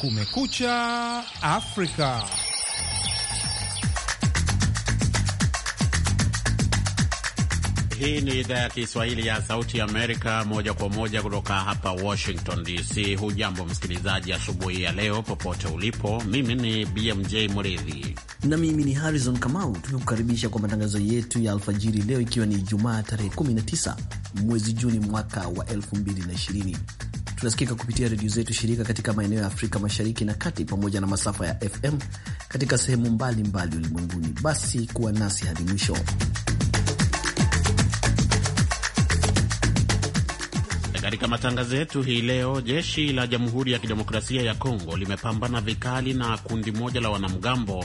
Kumekucha Afrika. Hii ni idhaa ya Kiswahili ya Sauti Amerika, moja kwa moja kutoka hapa Washington DC. Hujambo msikilizaji, asubuhi ya leo popote ulipo. Mimi ni BMJ Mridhi na mimi ni Harrison Kamau, tumekukaribisha kwa matangazo yetu ya alfajiri leo, ikiwa ni jumaa tarehe 19 mwezi Juni mwaka wa 2020. Tunasikika kupitia redio zetu shirika katika maeneo ya Afrika Mashariki na Kati, pamoja na masafa ya FM katika sehemu mbalimbali ulimwenguni. Basi kuwa nasi hadi mwisho. Katika matangazo yetu hii leo, jeshi la Jamhuri ya Kidemokrasia ya Kongo limepambana vikali na kundi moja la wanamgambo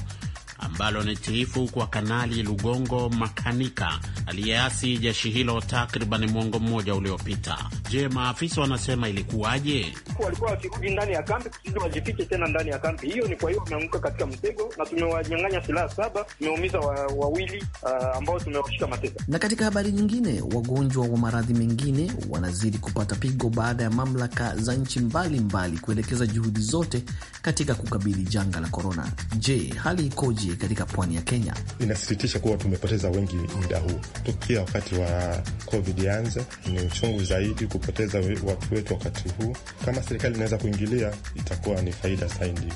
ambalo ni tiifu kwa Kanali Lugongo Makanika aliyeasi jeshi hilo takriban mwongo mmoja uliopita. Je, maafisa wanasema ilikuwaje? Walikuwa wakirudi ndani ya kambi kusudi wajifiche tena ndani ya kambi hiyo. Ni kwa hiyo wameanguka katika mtego, na tumewanyang'anya silaha saba, tumeumiza wawili wa uh, ambao tumewashika mateka. Na katika habari nyingine, wagonjwa wa maradhi mengine wanazidi kupata pigo baada ya mamlaka za nchi mbalimbali kuelekeza juhudi zote katika kukabili janga la korona. Je, hali ikoje? katika pwani ya Kenya. Inasisitisha kuwa tumepoteza wengi muda huu, tukia wakati wa covid anze Ni uchungu zaidi kupoteza watu wetu wakati huu. Kama serikali inaweza kuingilia, itakuwa ni faida zaidi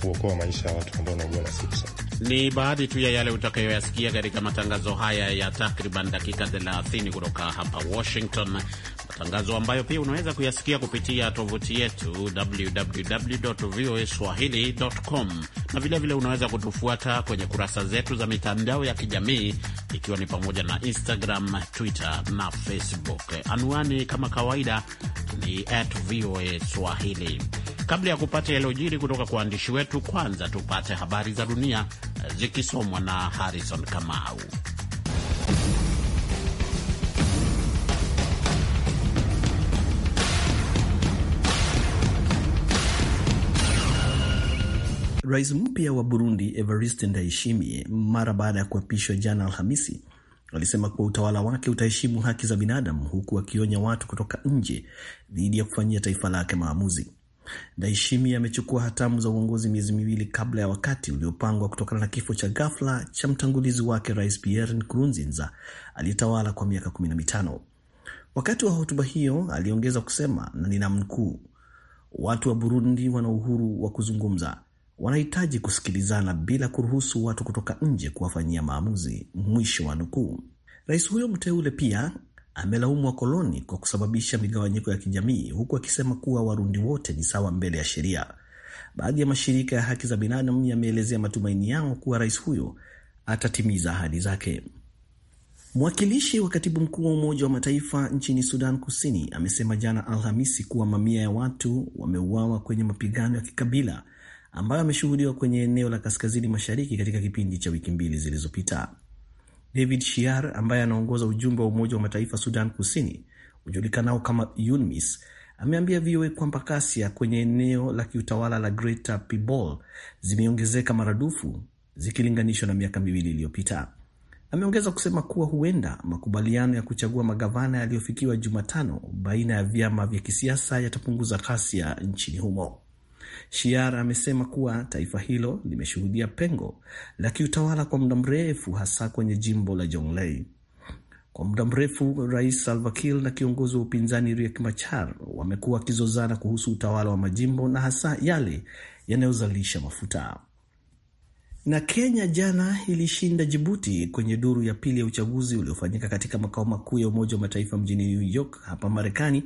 kuokoa maisha ya watu ambao wanaugua na sipsa. Ni baadhi tu ya yale utakayoyasikia katika matangazo haya ya takriban dakika 30 kutoka hapa Washington, matangazo ambayo pia unaweza kuyasikia kupitia tovuti yetu www.voaswahili.com, na vilevile unaweza kutufuata kwenye kurasa zetu za mitandao ya kijamii ikiwa ni pamoja na Instagram, Twitter na Facebook. Anwani kama kawaida ni at voa swahili. Kabla ya kupata yaliyojiri kutoka kwa waandishi wetu, kwanza tupate habari za dunia eh, zikisomwa na Harrison Kamau. Rais mpya wa Burundi Evariste Ndayishimiye, mara baada ya kuapishwa jana Alhamisi, alisema kuwa utawala wake utaheshimu haki za binadamu, huku akionya watu kutoka nje dhidi ya kufanyia taifa lake maamuzi. Daishimi amechukua hatamu za uongozi miezi miwili kabla ya wakati uliopangwa kutokana na kifo cha ghafla cha mtangulizi wake Rais Pierre Nkurunziza aliyetawala kwa miaka na mitano Wakati wa hotuba hiyo aliongeza kusema, na ninamnukuu, watu wa Burundi wana uhuru wa kuzungumza, wanahitaji kusikilizana bila kuruhusu watu kutoka nje kuwafanyia maamuzi, mwisho wa nukuu. Rais huyo mteule pia amelaumu wakoloni kwa kusababisha migawanyiko ya kijamii huku akisema kuwa Warundi wote ni sawa mbele ya sheria. Baadhi ya mashirika ya haki za binadamu yameelezea ya matumaini yao kuwa rais huyo atatimiza ahadi zake. Mwakilishi wa katibu mkuu wa Umoja wa Mataifa nchini Sudan Kusini amesema jana Alhamisi kuwa mamia ya watu wameuawa kwenye mapigano ya kikabila ambayo ameshuhudiwa kwenye eneo la kaskazini mashariki katika kipindi cha wiki mbili zilizopita. David Shiar ambaye anaongoza ujumbe wa Umoja wa Mataifa Sudan Kusini hujulikanao kama UNMISS ameambia VOA kwamba kasia kwenye eneo la kiutawala la Greater Pibor zimeongezeka maradufu zikilinganishwa na miaka miwili iliyopita. Ameongeza kusema kuwa huenda makubaliano ya kuchagua magavana yaliyofikiwa Jumatano baina ya vyama vya kisiasa yatapunguza ghasia nchini humo. Shiar amesema kuwa taifa hilo limeshuhudia pengo la kiutawala kwa muda mrefu, hasa kwenye jimbo la Jonglei. Kwa muda mrefu Rais Salva Kiir na kiongozi wa upinzani Riek Machar wamekuwa wakizozana kuhusu utawala wa majimbo na hasa yale yanayozalisha mafuta. Na Kenya jana ilishinda Jibuti kwenye duru ya pili ya uchaguzi uliofanyika katika makao makuu ya Umoja wa Mataifa mjini New York hapa Marekani,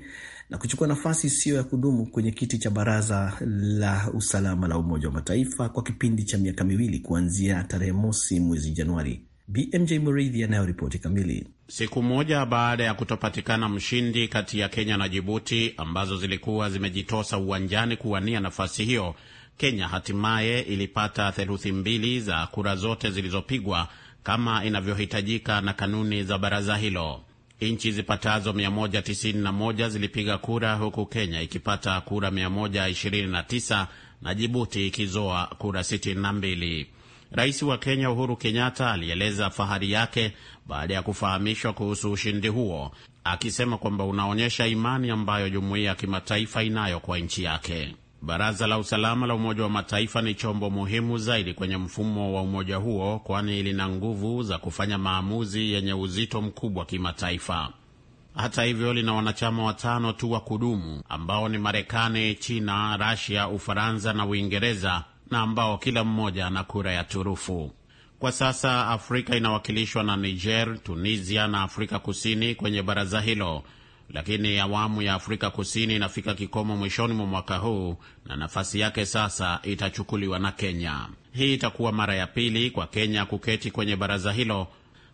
na kuchukua nafasi isiyo ya kudumu kwenye kiti cha Baraza la Usalama la Umoja wa Mataifa kwa kipindi cha miaka miwili kuanzia tarehe mosi mwezi Januari. BMJ Muridhi anayoripoti kamili. Siku moja baada ya kutopatikana mshindi kati ya Kenya na Jibuti ambazo zilikuwa zimejitosa uwanjani kuwania nafasi hiyo Kenya hatimaye ilipata theluthi mbili za kura zote zilizopigwa kama inavyohitajika na kanuni za baraza hilo. Nchi zipatazo 191 zilipiga kura huku Kenya ikipata kura 129 na Jibuti ikizoa kura 62. Rais wa Kenya Uhuru Kenyatta alieleza fahari yake baada ya kufahamishwa kuhusu ushindi huo, akisema kwamba unaonyesha imani ambayo jumuiya ya kimataifa inayo kwa nchi yake. Baraza la Usalama la Umoja wa Mataifa ni chombo muhimu zaidi kwenye mfumo wa umoja huo, kwani lina nguvu za kufanya maamuzi yenye uzito mkubwa kimataifa. Hata hivyo, lina wanachama watano tu wa kudumu ambao ni Marekani, China, Rasia, Ufaransa na Uingereza, na ambao kila mmoja ana kura ya turufu. Kwa sasa Afrika inawakilishwa na Niger, Tunisia na Afrika Kusini kwenye baraza hilo lakini awamu ya Afrika Kusini inafika kikomo mwishoni mwa mwaka huu na nafasi yake sasa itachukuliwa na Kenya. Hii itakuwa mara ya pili kwa Kenya kuketi kwenye baraza hilo,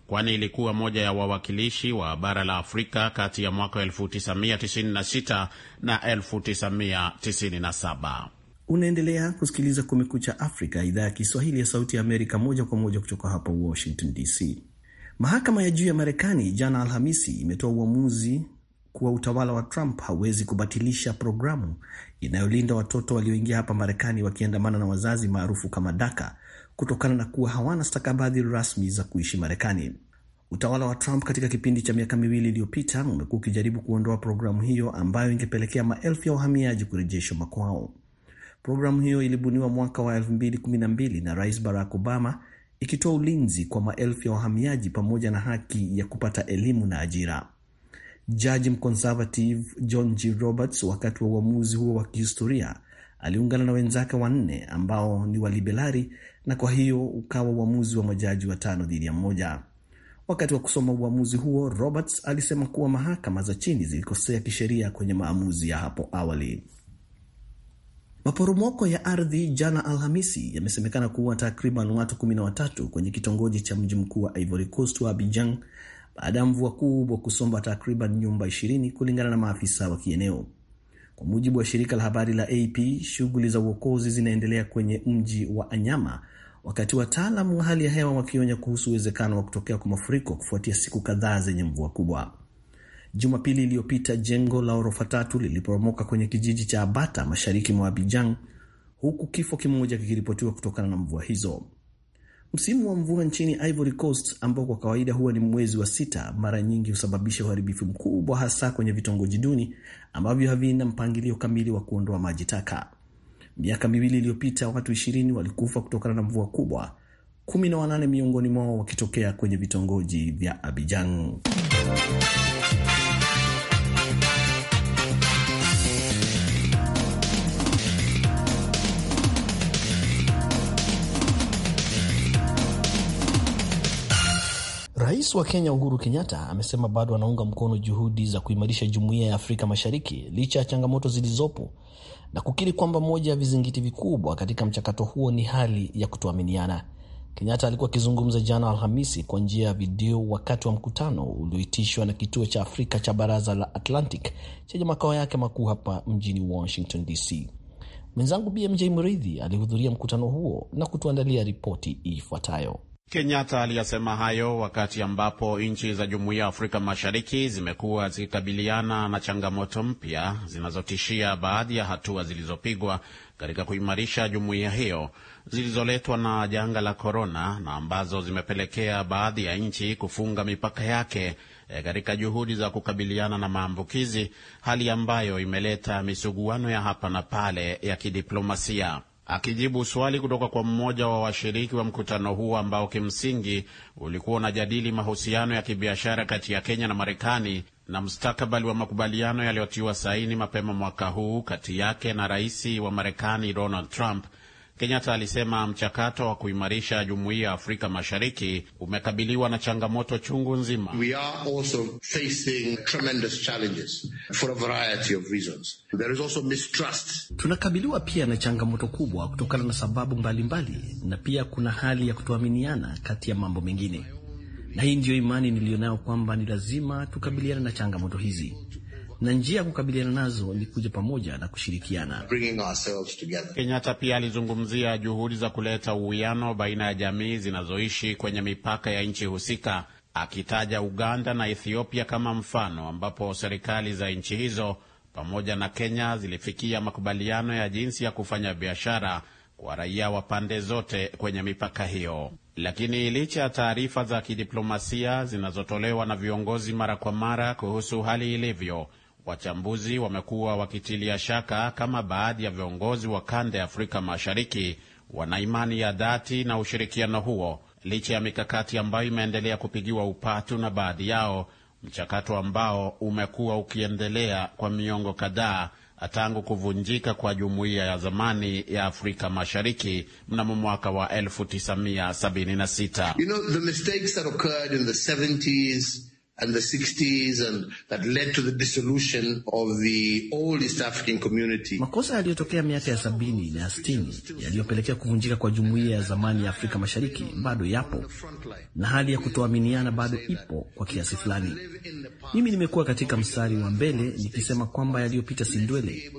kwani ilikuwa moja ya wawakilishi wa bara la Afrika kati ya mwaka 1996 na 1997. Unaendelea kusikiliza Kumekucha Afrika, idhaa ya Kiswahili ya Sauti ya Amerika, moja kwa moja kutoka hapa Washington DC. Mahakama ya juu ya Marekani jana Alhamisi imetoa uamuzi kuwa utawala wa Trump hauwezi kubatilisha programu inayolinda watoto walioingia hapa Marekani wakiandamana na wazazi maarufu kama DACA kutokana na kuwa hawana stakabadhi rasmi za kuishi Marekani. Utawala wa Trump katika kipindi cha miaka miwili iliyopita umekuwa ukijaribu kuondoa programu hiyo ambayo ingepelekea maelfu ya wahamiaji kurejeshwa makwao. Programu hiyo ilibuniwa mwaka wa 2012 na Rais Barack Obama ikitoa ulinzi kwa maelfu ya wahamiaji pamoja na haki ya kupata elimu na ajira. Jaji mconservative John G. Roberts, wakati wa uamuzi huo wa kihistoria, aliungana na wenzake wanne ambao ni waliberari na kwa hiyo ukawa uamuzi wa majaji watano dhidi ya mmoja. Wakati wa kusoma uamuzi huo, Roberts alisema kuwa mahakama za chini zilikosea kisheria kwenye maamuzi ya hapo awali. Maporomoko ya ardhi jana Alhamisi yamesemekana kuwa takriban watu 13 kwenye kitongoji cha mji mkuu wa Ivory Coast wa Abidjan baada ya mvua kubwa kusomba takriban nyumba 20 kulingana na maafisa wa kieneo. Kwa mujibu wa shirika la habari la AP, shughuli za uokozi zinaendelea kwenye mji wa Anyama, wakati wataalamu wa hali ya hewa wakionya kuhusu uwezekano wa kutokea kwa mafuriko kufuatia siku kadhaa zenye mvua kubwa. Jumapili iliyopita jengo la orofa tatu liliporomoka kwenye kijiji cha Abata mashariki mwa abijan huku kifo kimoja kikiripotiwa kutokana na mvua hizo. Msimu wa mvua nchini Ivory Coast ambao kwa kawaida huwa ni mwezi wa sita, mara nyingi husababisha uharibifu mkubwa, hasa kwenye vitongoji duni ambavyo havina mpangilio kamili wa kuondoa maji taka. Miaka miwili iliyopita watu ishirini walikufa kutokana na mvua kubwa, kumi na wanane miongoni mwao wakitokea kwenye vitongoji vya Abidjan. Rais wa Kenya Uhuru Kenyatta amesema bado anaunga mkono juhudi za kuimarisha jumuiya ya Afrika Mashariki licha ya changamoto zilizopo na kukiri kwamba moja ya vizingiti vikubwa katika mchakato huo ni hali ya kutoaminiana. Kenyatta alikuwa akizungumza jana Alhamisi kwa njia ya video wakati wa mkutano ulioitishwa na kituo cha Afrika cha Baraza la Atlantic chenye makao yake makuu hapa mjini Washington DC. Mwenzangu BMJ Mridhi alihudhuria mkutano huo na kutuandalia ripoti ifuatayo. Kenyatta aliyasema hayo wakati ambapo nchi za Jumuiya ya Afrika Mashariki zimekuwa zikikabiliana na changamoto mpya zinazotishia baadhi ya hatua zilizopigwa katika kuimarisha jumuiya hiyo zilizoletwa na janga la korona na ambazo zimepelekea baadhi ya nchi kufunga mipaka yake e, katika juhudi za kukabiliana na maambukizi, hali ambayo imeleta misuguano ya hapa na pale ya kidiplomasia akijibu swali kutoka kwa mmoja wa washiriki wa mkutano huo ambao kimsingi ulikuwa unajadili mahusiano ya kibiashara kati ya Kenya na Marekani na mustakabali wa makubaliano yaliyotiwa saini mapema mwaka huu kati yake na rais wa Marekani Donald Trump Kenyatta alisema mchakato wa kuimarisha jumuiya ya Afrika Mashariki umekabiliwa na changamoto chungu nzima. Tunakabiliwa pia na changamoto kubwa kutokana na sababu mbalimbali mbali, na pia kuna hali ya kutoaminiana kati ya mambo mengine, na hii ndiyo imani niliyonayo kwamba ni lazima tukabiliane na changamoto hizi na njia ya kukabiliana nazo ni kuja pamoja na kushirikiana. Kenyatta pia alizungumzia juhudi za kuleta uwiano baina ya jamii zinazoishi kwenye mipaka ya nchi husika, akitaja Uganda na Ethiopia kama mfano ambapo serikali za nchi hizo pamoja na Kenya zilifikia makubaliano ya jinsi ya kufanya biashara kwa raia wa pande zote kwenye mipaka hiyo. Lakini licha ya taarifa za kidiplomasia zinazotolewa na viongozi mara kwa mara kuhusu hali ilivyo, Wachambuzi wamekuwa wakitilia shaka kama baadhi ya viongozi wa kanda ya Afrika Mashariki wana imani ya dhati na ushirikiano huo licha ya mikakati ambayo imeendelea kupigiwa upatu na baadhi yao, mchakato ambao umekuwa ukiendelea kwa miongo kadhaa tangu kuvunjika kwa jumuiya ya zamani ya Afrika Mashariki mnamo mwaka wa 1976. You know, the mistakes that occurred in the 70s and the 60s and that led to the dissolution of the old East African community. Makosa yaliyotokea miaka ya sabini na ya sitini yaliyopelekea kuvunjika kwa jumuiya ya zamani ya Afrika Mashariki bado yapo na hali ya kutoaminiana bado ipo kwa kiasi fulani. Mimi nimekuwa katika mstari wa mbele nikisema kwamba yaliyopita si ndwele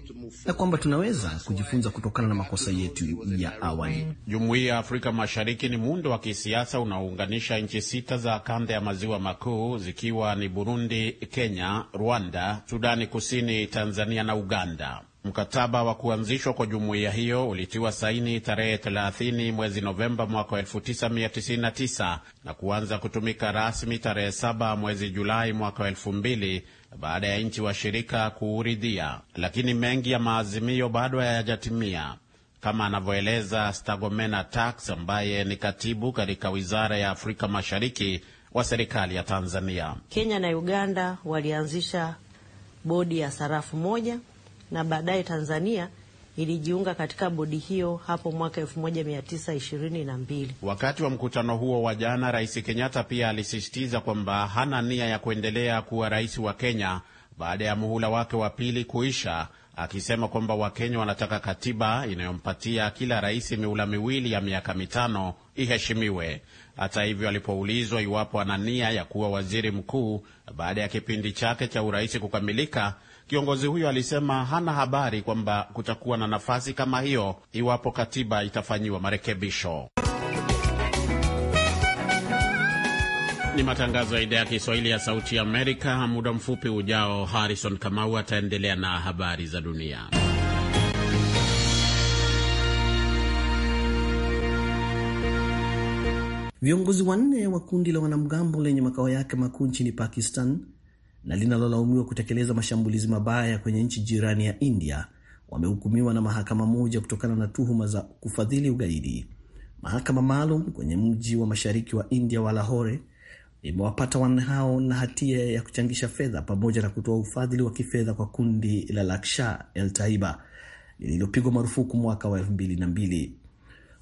na kwamba tunaweza kujifunza kutokana na makosa yetu ya awali. Jumuiya ya Afrika Mashariki ni muundo wa kisiasa unaounganisha nchi sita za kanda ya maziwa makuu ziki ikiwa ni Burundi, Kenya, Rwanda, Sudani Kusini, Tanzania na Uganda. Mkataba wa kuanzishwa kwa jumuiya hiyo ulitiwa saini tarehe 30 mwezi Novemba mwaka 1999 na kuanza kutumika rasmi tarehe 7 mwezi Julai mwaka 2000 baada ya nchi washirika kuuridhia, lakini mengi ya maazimio bado hayajatimia, kama anavyoeleza Stagomena Tax ambaye ni katibu katika wizara ya Afrika Mashariki wa serikali ya Tanzania. Kenya na Uganda walianzisha bodi ya sarafu moja na baadaye Tanzania ilijiunga katika bodi hiyo hapo mwaka 1922. Wakati wa mkutano huo wa jana, Rais Kenyatta pia alisisitiza kwamba hana nia ya kuendelea kuwa rais wa Kenya baada ya muhula wake wa pili kuisha, akisema kwamba Wakenya wanataka katiba inayompatia kila rais mihula miwili ya miaka mitano iheshimiwe. Hata hivyo, alipoulizwa iwapo ana nia ya kuwa waziri mkuu baada ya kipindi chake cha urais kukamilika, kiongozi huyo alisema hana habari kwamba kutakuwa na nafasi kama hiyo iwapo katiba itafanyiwa marekebisho. Ni matangazo ya idhaa ya Kiswahili ya Sauti ya Amerika. Muda mfupi ujao, Harrison Kamau ataendelea na habari za dunia. Viongozi wanne wa kundi la wanamgambo lenye makao yake makuu nchini Pakistan na linalolaumiwa kutekeleza mashambulizi mabaya kwenye nchi jirani ya India wamehukumiwa na mahakama moja kutokana na tuhuma za kufadhili ugaidi. Mahakama maalum kwenye mji wa mashariki wa India wa Lahore imewapata wanne hao na hatia ya kuchangisha fedha pamoja na kutoa ufadhili wa kifedha kwa kundi la Laksha el Taiba lililopigwa marufuku mwaka wa elfu mbili na mbili.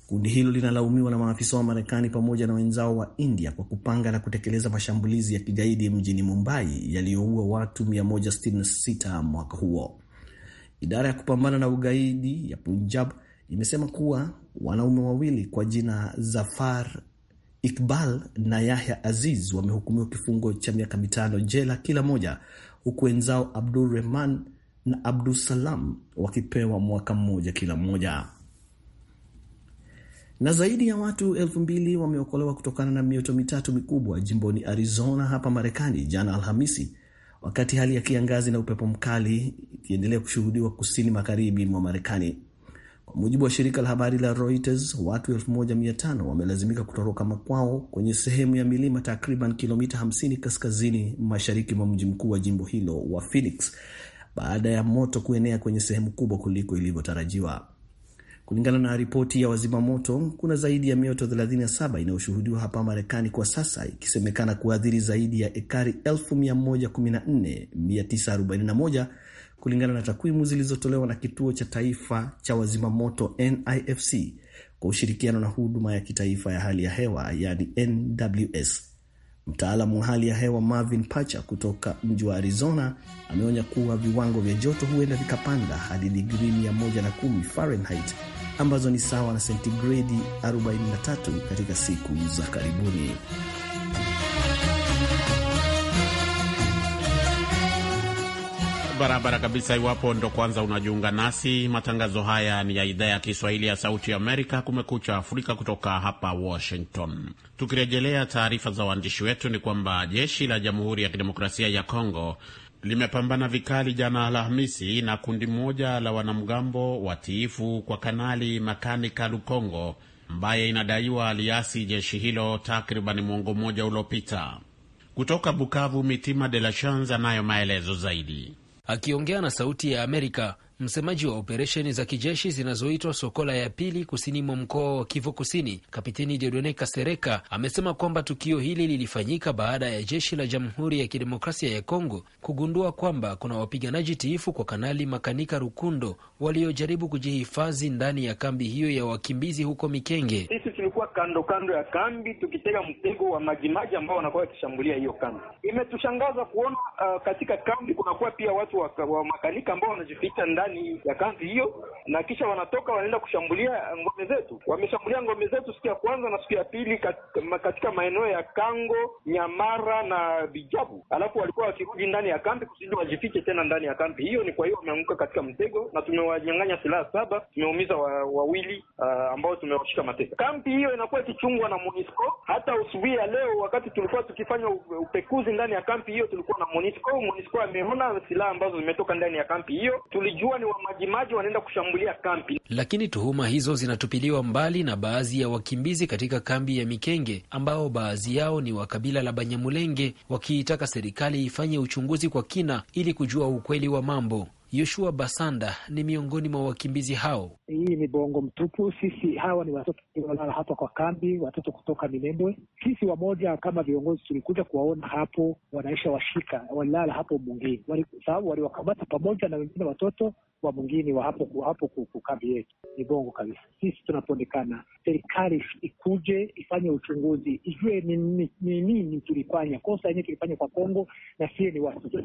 Kundi hilo linalaumiwa na maafisa wa Marekani pamoja na wenzao wa India kwa kupanga na kutekeleza mashambulizi ya kigaidi mjini Mumbai yaliyoua watu 166 mwaka huo. Idara ya kupambana na ugaidi ya Punjab imesema kuwa wanaume wawili kwa jina Zafar Iqbal na Yahya Aziz wamehukumiwa kifungo cha miaka mitano jela kila moja, huku wenzao Abdul Rehman na Abdul Salam wakipewa mwaka mmoja kila mmoja na zaidi ya watu elfu mbili wameokolewa kutokana na mioto mitatu mikubwa jimboni Arizona hapa Marekani jana Alhamisi, wakati hali ya kiangazi na upepo mkali ikiendelea kushuhudiwa kusini magharibi mwa Marekani. Kwa mujibu wa shirika la habari la Reuters, watu 1500 wamelazimika kutoroka makwao kwenye sehemu ya milima takriban kilomita 50 kaskazini mashariki mwa mji mkuu wa jimbo hilo wa Phoenix baada ya moto kuenea kwenye sehemu kubwa kuliko ilivyotarajiwa. Kulingana na ripoti ya wazimamoto, kuna zaidi ya mioto 37 inayoshuhudiwa hapa Marekani kwa sasa, ikisemekana kuathiri zaidi ya ekari 114941 kulingana na takwimu zilizotolewa na kituo cha taifa cha wazimamoto NIFC kwa ushirikiano na huduma ya kitaifa ya hali ya hewa yani NWS. Mtaalamu wa hali ya hewa Marvin Pacha kutoka mji wa Arizona ameonya kuwa viwango vya joto huenda vikapanda hadi digrii 110 Fahrenheit ambazo ni sawa na sentigredi 43 katika siku za karibuni. Barabara kabisa. Iwapo ndo kwanza unajiunga nasi, matangazo haya ni ya idhaa ya Kiswahili ya Sauti Amerika, Kumekucha Afrika, kutoka hapa Washington. Tukirejelea taarifa za waandishi wetu, ni kwamba jeshi la Jamhuri ya Kidemokrasia ya Kongo limepambana vikali jana Alhamisi na kundi moja la wanamgambo watiifu kwa Kanali Makanika Lukongo ambaye inadaiwa aliasi jeshi hilo takriban mwongo mmoja uliopita. Kutoka Bukavu, Mitima De La Chans anayo maelezo zaidi, akiongea na Sauti ya Amerika. Msemaji wa operesheni za kijeshi zinazoitwa Sokola ya pili kusini mwa mkoa wa Kivu Kusini, Kapiteni Diodone Kasereka amesema kwamba tukio hili lilifanyika baada ya jeshi la Jamhuri ya Kidemokrasia ya Kongo kugundua kwamba kuna wapiganaji tiifu kwa Kanali Makanika Rukundo waliojaribu kujihifadhi ndani ya kambi hiyo ya wakimbizi huko Mikenge. Sisi tulikuwa kando kando ya kambi tukitega mtego wa majimaji ambao wanakuwa wakishambulia hiyo kambi. Imetushangaza kuona uh, katika kambi kunakuwa pia watu wa, wa makanika ambao wanajificha ndani ndani ya kambi hiyo, na kisha wanatoka wanaenda kushambulia ngome zetu. Wameshambulia ngome zetu siku ya kwanza na siku ya pili katika, maeneo ya Kango, Nyamara na Bijabu, alafu walikuwa wakirudi ndani ya kambi kusudi wajifiche tena ndani ya kambi hiyo. Ni kwa hiyo wameanguka katika mtego na tumewanyang'anya silaha saba, tumeumiza wawili uh, ambao tumewashika mateka. Kambi hiyo inakuwa ikichungwa na MONUSCO. Hata asubuhi ya leo wakati tulikuwa tukifanya upekuzi ndani ya kambi hiyo tulikuwa na MONUSCO. MONUSCO ameona silaha ambazo zimetoka ndani ya kambi hiyo, tulijua ni wamajimaji wanaenda kushambulia kambi. Lakini tuhuma hizo zinatupiliwa mbali na baadhi ya wakimbizi katika kambi ya Mikenge ambao baadhi yao ni wa kabila la Banyamulenge, wakiitaka serikali ifanye uchunguzi kwa kina ili kujua ukweli wa mambo. Yoshua Basanda ni miongoni mwa wakimbizi hao. Hii ni bongo mtupu. Sisi hawa ni watoto waliolala hapa kwa kambi, watoto kutoka Minembwe. Sisi wamoja kama viongozi tulikuja kuwaona hapo, wanaisha washika, walilala hapo Mungini sababu waliwakamata pamoja na wengine watoto wa Mungini wa hapo, hapo kukambi yetu. Ni bongo kabisa. Sisi tunapoonekana, serikali ikuje ifanye uchunguzi, ijue ni nini tulifanya kosa yenyewe tulifanya kwa Kongo na sie ni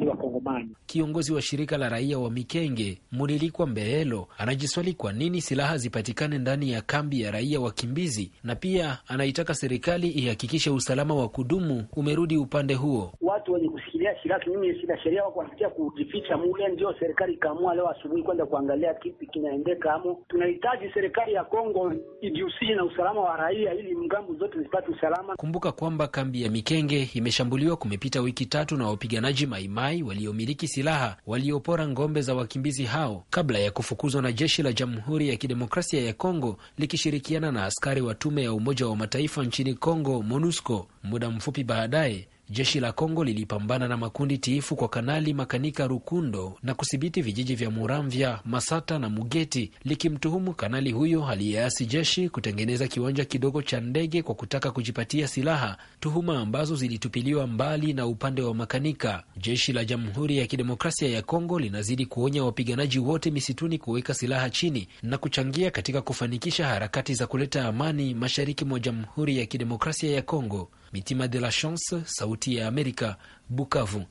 Wakongomani. Kiongozi wa shirika la raia wa Mikenge Mulilikwa Mbeelo anajiswali kwa nini silaha zipatikane ndani ya kambi ya raia wakimbizi, na pia anaitaka serikali ihakikishe usalama wa kudumu umerudi upande huo. Watu wenye kushikilia silaha kinyume na sheria wako wanafikia kujificha mule, ndio serikali ikaamua leo asubuhi kwenda kuangalia kipi kinaendeka amo. Tunahitaji serikali ya Kongo ijihusishe na usalama wa raia ili ngambo zote zipate usalama. Kumbuka kwamba kambi ya Mikenge imeshambuliwa kumepita wiki tatu na wapiganaji Maimai waliomiliki silaha waliopora ngombe za wakimbizi hao kabla ya kufukuzwa na jeshi la Jamhuri ya Kidemokrasia ya Kongo likishirikiana na askari wa tume ya Umoja wa Mataifa nchini Kongo, MONUSCO, muda mfupi baadaye Jeshi la Kongo lilipambana na makundi tiifu kwa Kanali Makanika Rukundo na kudhibiti vijiji vya Muramvya, Masata na Mugeti, likimtuhumu kanali huyo aliyeasi jeshi kutengeneza kiwanja kidogo cha ndege kwa kutaka kujipatia silaha, tuhuma ambazo zilitupiliwa mbali na upande wa Makanika. Jeshi la Jamhuri ya Kidemokrasia ya Kongo linazidi kuonya wapiganaji wote misituni kuweka silaha chini na kuchangia katika kufanikisha harakati za kuleta amani mashariki mwa Jamhuri ya Kidemokrasia ya Kongo. Mitima de la Chance, Sauti ya Amerika, Bukavu.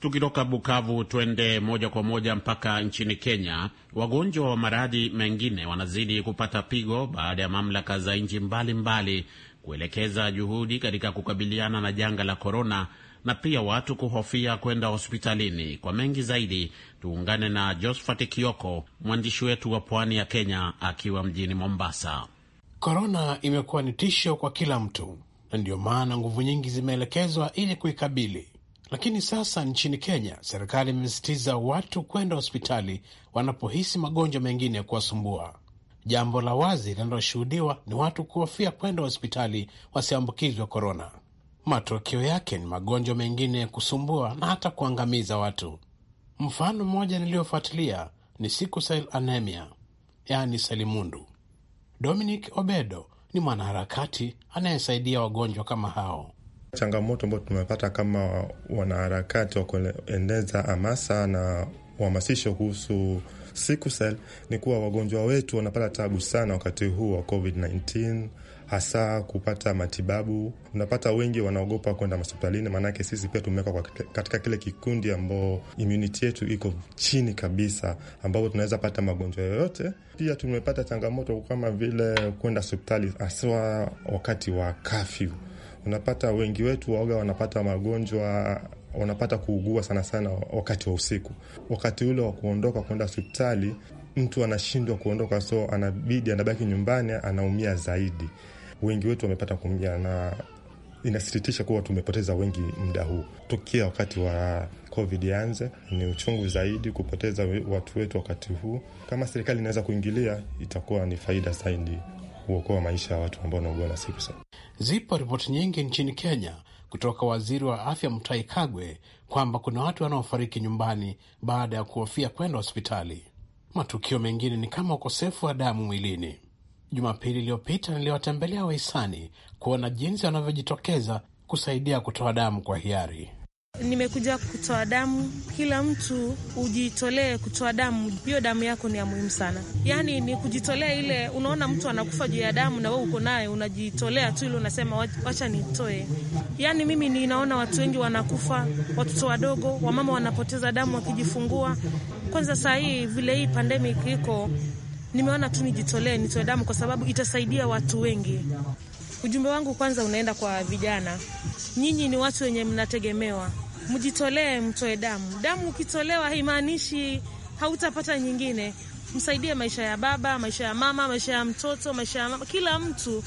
Tukitoka Bukavu twende moja kwa moja mpaka nchini Kenya. Wagonjwa wa maradhi mengine wanazidi kupata pigo baada ya mamlaka za nchi mbalimbali kuelekeza juhudi katika kukabiliana na janga la korona, na pia watu kuhofia kwenda hospitalini. Kwa mengi zaidi, tuungane na Josphat Kioko, mwandishi wetu wa pwani ya Kenya akiwa mjini Mombasa. Korona imekuwa ni tisho kwa kila mtu, na ndiyo maana nguvu nyingi zimeelekezwa ili kuikabili. Lakini sasa nchini Kenya, serikali imesisitiza watu kwenda hospitali wanapohisi magonjwa mengine kuwasumbua. Jambo la wazi linaloshuhudiwa ni watu kuhofia kwenda hospitali wasiambukizwe korona matokeo yake ni magonjwa mengine ya kusumbua na hata kuangamiza watu. Mfano mmoja niliyofuatilia ni sickle anemia, yaani selimundu. Dominic Obedo ni mwanaharakati anayesaidia wagonjwa kama hao. Changamoto ambayo tumepata kama wanaharakati wa kuendeza hamasa na uhamasisho kuhusu sickle ni kuwa wagonjwa wetu wanapata tabu sana wakati huu wa COVID-19 hasa kupata matibabu. Unapata wengi wanaogopa kwenda hospitalini, maanake sisi pia tumewekwa katika kile kikundi ambao immunity yetu iko chini kabisa, ambapo tunaweza pata magonjwa yoyote. Pia tumepata changamoto kama vile kwenda hospitali, haswa wakati wa kafyu. Unapata wengi wetu waoga wanapata magonjwa wanapata kuugua sana sana wakati wa usiku, wakati ule wa kuondoka kwenda hospitali mtu anashindwa kuondoka, so anabidi anabaki nyumbani, anaumia zaidi wengi wetu wamepata kuumia, na inasikitisha kuwa tumepoteza wengi muda huu tokea wakati wa covid yanze. Ni uchungu zaidi kupoteza watu wetu wakati huu. Kama serikali inaweza kuingilia, itakuwa ni faida zaidi kuokoa maisha ya watu ambao wanaugua na siku sasa. Zipo ripoti nyingi nchini Kenya kutoka waziri wa afya Mutahi Kagwe kwamba kuna watu wanaofariki nyumbani baada ya kuhofia kwenda hospitali. Matukio mengine ni kama ukosefu wa damu mwilini. Jumapili iliyopita niliwatembelea wahisani kuona jinsi wanavyojitokeza kusaidia kutoa damu kwa hiari. Nimekuja kutoa damu. Kila mtu ujitolee kutoa damu, hiyo damu yako ni ya muhimu sana. Yaani ni kujitolea ile, unaona mtu anakufa juu ya damu na we uko naye, unajitolea tu ile, unasema wacha nitoe. Yaani mimi ninaona watu wengi wanakufa, watoto wadogo, wamama wanapoteza damu wakijifungua. Kwanza saa hii vile hii pandemic iko, nimeona tu nijitolee, nitoe damu kwa sababu itasaidia watu wengi. Ujumbe wangu kwanza unaenda kwa vijana, nyinyi ni watu wenye mnategemewa, mjitolee, mtoe damu. Damu ukitolewa haimaanishi hautapata nyingine. Msaidie maisha ya baba, maisha ya mama, maisha ya mtoto, maisha ya mama, kila mtu.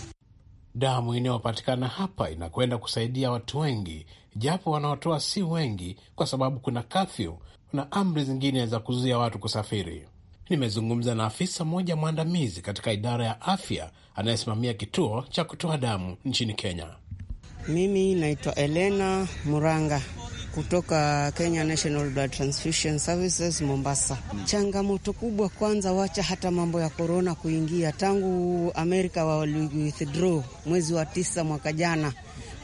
Damu inayopatikana hapa inakwenda kusaidia watu wengi, japo wanaotoa si wengi, kwa sababu kuna kafyu na amri zingine za kuzuia watu kusafiri. Nimezungumza na afisa mmoja mwandamizi katika idara ya afya anayesimamia kituo cha kutoa damu nchini Kenya. Mimi naitwa Elena Muranga kutoka Kenya National Blood Transfusion Services Mombasa. Changamoto kubwa kwanza, wacha hata mambo ya korona kuingia, tangu Amerika waliwithdraw mwezi wa tisa mwaka jana,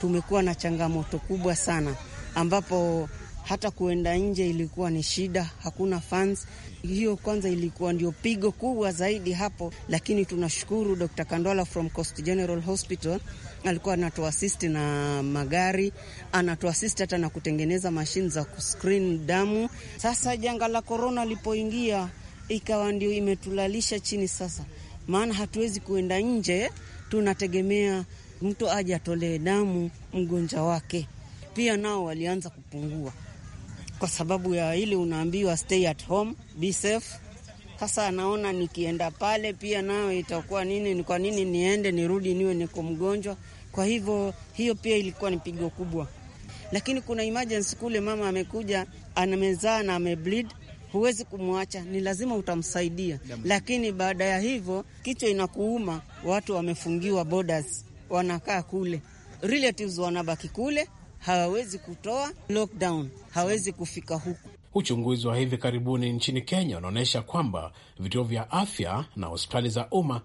tumekuwa na changamoto kubwa sana ambapo hata kuenda nje ilikuwa ni shida, hakuna fans. Hiyo kwanza ilikuwa ndio pigo kubwa zaidi hapo, lakini tunashukuru Dr. Kandwala from Coast General Hospital alikuwa anatuasisti na magari, anatuasisti hata na kutengeneza mashine za kuscreen damu. Sasa janga la korona lipoingia, ikawa ndio imetulalisha chini sasa, maana hatuwezi kuenda nje, tunategemea mtu aje atolee damu mgonjwa wake. Pia nao walianza kupungua kwa sababu ya hili unaambiwa stay at home, be safe. Sasa anaona nikienda pale pia nayo itakuwa nini? Ni kwa nini niende nirudi niwe niko mgonjwa? Kwa hivyo hiyo pia ilikuwa ni pigo kubwa, lakini kuna emergency kule, mama amekuja amezaa na amebleed huwezi kumwacha, ni lazima utamsaidia. Lakini baada ya hivyo kichwa inakuuma, watu wamefungiwa borders, wanakaa kule, relatives wanabaki kule hawawezi kutoa lockdown, hawezi kufika huku. Uchunguzi wa hivi karibuni nchini Kenya unaonyesha kwamba vituo vya afya na hospitali za umma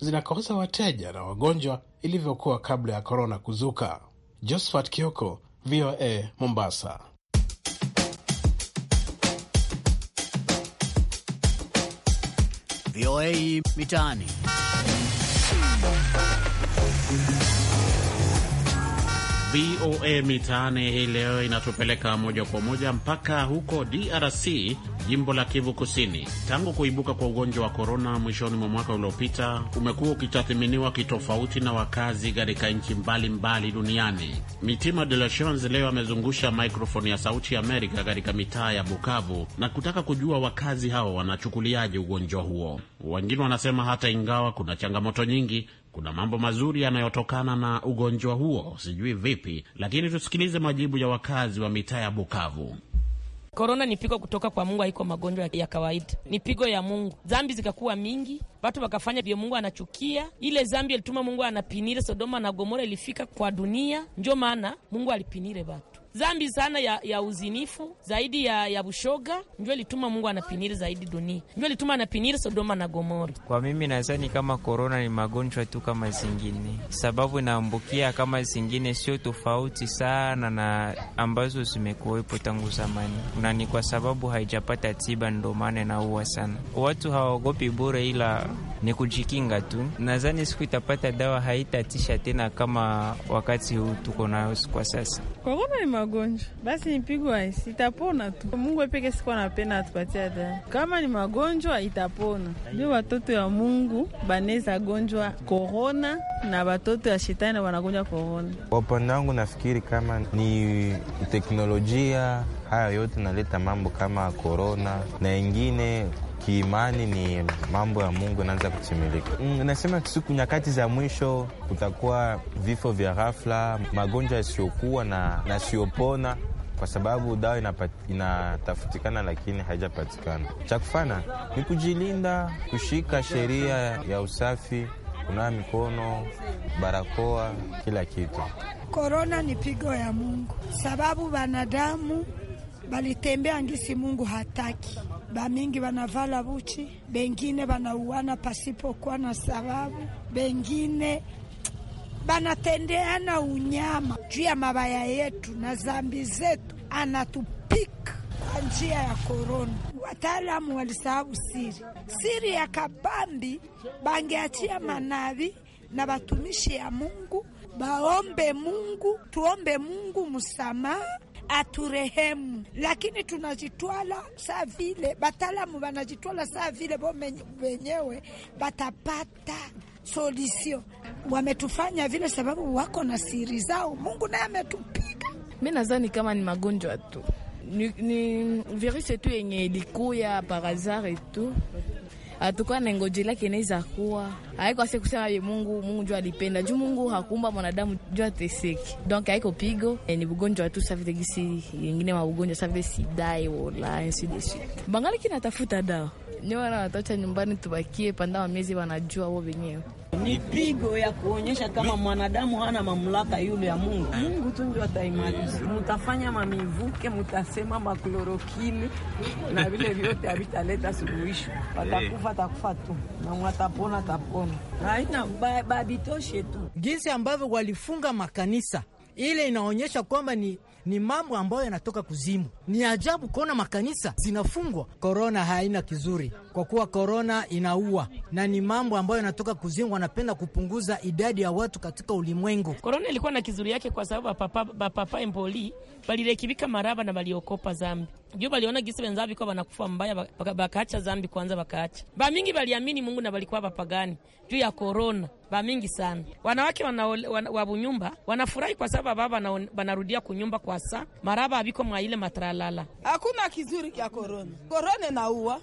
zinakosa wateja na wagonjwa ilivyokuwa kabla ya korona kuzuka. Josephat Kioko, VOA, Mombasa. VOA Mitaani. VOA Mitaani hii leo inatupeleka moja kwa moja mpaka huko DRC, jimbo la Kivu Kusini. Tangu kuibuka kwa ugonjwa wa korona mwishoni mwa mwaka uliopita, umekuwa ukitathiminiwa kitofauti na wakazi katika nchi mbalimbali duniani. Mitima de la Chance leo amezungusha maikrofoni ya Sauti Amerika katika mitaa ya Bukavu na kutaka kujua wakazi hao wanachukuliaje ugonjwa huo. Wengine wanasema hata ingawa kuna changamoto nyingi kuna mambo mazuri yanayotokana na ugonjwa huo, sijui vipi, lakini tusikilize majibu ya wakazi wa mitaa ya Bukavu. Korona ni pigo kutoka kwa Mungu, haiko magonjwa ya kawaida, ni pigo ya Mungu. Zambi zikakuwa mingi, watu wakafanya vyo Mungu anachukia. Ile zambi alituma Mungu anapinire Sodoma na Gomora, ilifika kwa dunia, njo maana Mungu alipinire watu zambi sana ya, ya uzinifu zaidi ya, ya bushoga, njo lituma Mungu anapiniri zaidi dunia, ndio lituma anapiniri Sodoma na Gomora. Kwa mimi nazani kama korona ni magonjwa tu kama zingine, sababu inaambukia kama zingine, sio tofauti sana na ambazo zimekuwepo tangu zamani, na ni kwa sababu haijapata tiba, ndo maana inaua sana watu. Hawaogopi bure, ila ni kujikinga tu. nazani siku itapata dawa haitatisha tena kama wakati huu tuko nayo kwa sasa. Korona magonjwa, basi nipigwa itapona tu. Mungu apeke siku anapenda atupatia da, Kama ni magonjwa itapona. Ndio watoto ya Mungu baneza gonjwa korona na watoto ya shetani wanagonjwa korona. Kwa upande wangu, nafikiri kama ni teknolojia, haya yote naleta mambo kama korona na ingine kiimani ni mambo ya Mungu yanaanza kutimilika. Mm, nasema siku nyakati za mwisho kutakuwa vifo vya ghafla, magonjwa yasiyokuwa na nasiyopona kwa sababu dawa inatafutikana lakini haijapatikana. Cha kufana ni kujilinda, kushika sheria ya usafi, kunawa mikono, barakoa, kila kitu. Korona ni pigo ya Mungu sababu wanadamu balitembea ngisi Mungu hataki bamingi wanavala buchi, bengine pasipo pasipokuwa na sababu, bengine banatendeana unyama juu ya mabaya yetu na zambi zetu, anatupika kwa njia ya korona. Wataalamu walisahabu siri siri ya kabambi, bangeachia manavi na batumishi ya Mungu baombe Mungu, tuombe Mungu msamaha aturehemu, lakini tunajitwala saa vile bataalamu banajitwala saa vile bo wenyewe batapata solisio. Wametufanya vile sababu wako na siri zao. Mungu naye ametupiga. Mi nazani kama ni magonjwa tu, ni, ni virusi tu yenye ilikuya parazare tu Atakuwa ah, na ngoji lake inaweza kuwa. Haiko asi kusema ye Mungu, Mungu jua alipenda. Juu Mungu hakuumba mwanadamu jua teseke. Donc haiko pigo eh, ni bugonjwa tu sa vile gisi nyingine wa ugonjwa sa vile sidai wala ainsi de suite. Bangali kinatafuta dawa ni wana watacha nyumbani, tubakie panda wa miezi, wanajua wao wenyewe. Ni pigo ya kuonyesha kama mwanadamu hana mamlaka yule ya Mungu. Mungu tu ndio ataimaliza. Mutafanya mamivuke, mutasema maklorokini na vile vyote havitaleta suluhisho. Watakufa atakufa tu na mwatapona tapona, haina babitoshe tu. Jinsi ambavyo walifunga makanisa, ile inaonyesha kwamba ni ni mambo ambayo yanatoka kuzimu. Ni ajabu kuona makanisa zinafungwa. Korona haina kizuri, kwa kuwa korona inaua na ni mambo ambayo yanatoka kuzimu. Wanapenda kupunguza idadi ya watu katika ulimwengu. Korona ilikuwa na kizuri yake kwa sababu bapapa empoli balirekibika maraba na baliokopa zambi juu baliona gisi benza vikuwa wanakufa mbaya bakaacha zambi kwanza bakaacha bamingi baliamini Mungu na balikuwa bapagani juu ya korona ba mingi sana. Wanawake wa bunyumba wanafurahi kwa sababu baba banarudia kunyumba kwa saa maraba abiko mwa ile matralala. Hakuna kizuri kya korona, korona naua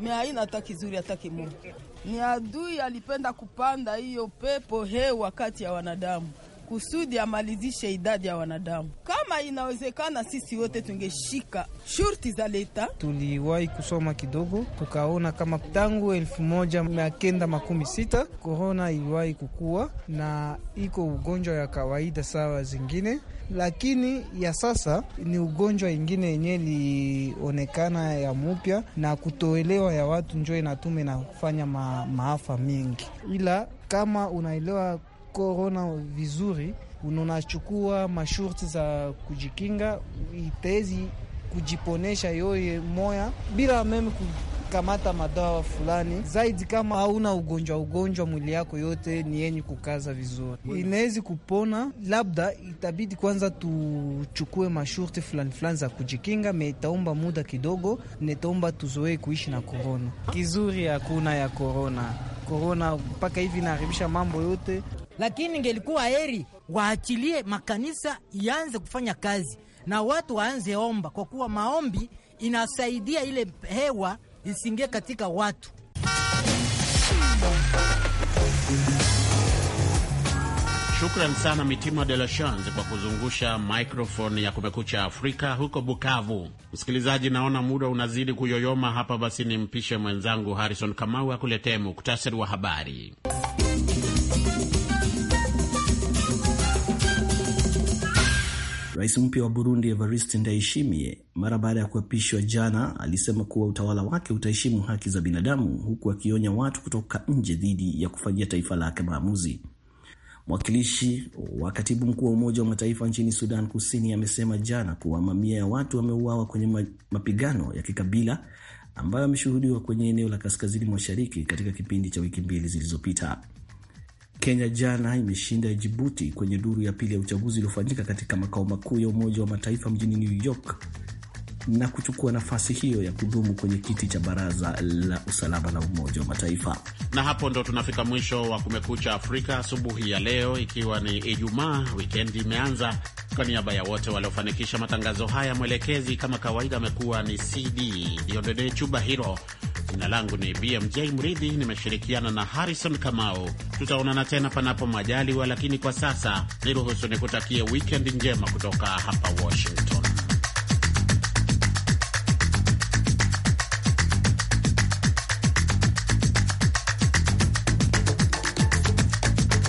meaina hata kizuri hata kimoja. Ni adui alipenda kupanda hiyo pepo hewa kati ya wanadamu kusudi amalizishe idadi ya wanadamu. Kama inawezekana, sisi wote tungeshika shurti za leta. Tuliwahi kusoma kidogo, tukaona kama tangu elfu moja mia kenda makumi sita korona iliwahi kukua na iko ugonjwa ya kawaida sawa zingine, lakini ya sasa ni ugonjwa ingine yenye ilionekana ya mupya na kutoelewa ya watu njo inatuma inafanya ma, maafa mingi, ila kama unaelewa korona vizuri, unachukua mashurti za kujikinga, itezi kujiponesha yoye moya bila meme kukamata madawa fulani zaidi. Kama hauna ugonjwa ugonjwa, mwili yako yote ni yenye kukaza vizuri, inawezi kupona. Labda itabidi kwanza tuchukue mashurti fulani fulani za kujikinga, me itaomba muda kidogo, netaomba tuzoee kuishi na korona. Kizuri hakuna ya korona korona mpaka hivi inaharibisha mambo yote lakini ingelikuwa heri waachilie makanisa ianze kufanya kazi na watu waanze omba, kwa kuwa maombi inasaidia ile hewa isingie katika watu. Shukran sana Mitima de la Chance kwa kuzungusha maikrofoni ya Kumekucha Afrika huko Bukavu. Msikilizaji, naona muda unazidi kuyoyoma hapa, basi nimpishe mwenzangu Harrison Kamau akuletee muktasari wa habari. Rais mpya wa Burundi Evariste Ndayishimiye, mara baada ya kuapishwa jana, alisema kuwa utawala wake utaheshimu haki za binadamu, huku akionya watu kutoka nje dhidi ya kufanyia taifa lake maamuzi. Mwakilishi wa katibu mkuu wa Umoja wa Mataifa nchini Sudan Kusini amesema jana kuwa mamia ya watu wameuawa kwenye mapigano ya kikabila ambayo ameshuhudiwa kwenye eneo la kaskazini mashariki katika kipindi cha wiki mbili zilizopita. Kenya jana imeshinda Jibuti kwenye duru ya pili ya uchaguzi uliofanyika katika makao makuu ya Umoja wa Mataifa mjini New York na kuchukua nafasi hiyo ya kudumu kwenye kiti cha baraza la usalama la Umoja wa Mataifa. Na hapo ndo tunafika mwisho wa Kumekucha Afrika asubuhi ya leo, ikiwa ni Ijumaa, wikendi imeanza. Kwa niaba ya wote waliofanikisha matangazo haya, mwelekezi kama kawaida amekuwa ni CD Diodede Chuba Hiro. Jina langu ni BMJ Mridhi, nimeshirikiana na Harrison Kamau. Tutaonana tena panapo majaliwa, lakini kwa sasa niruhusu nikutakie wikendi njema kutoka hapa Washington.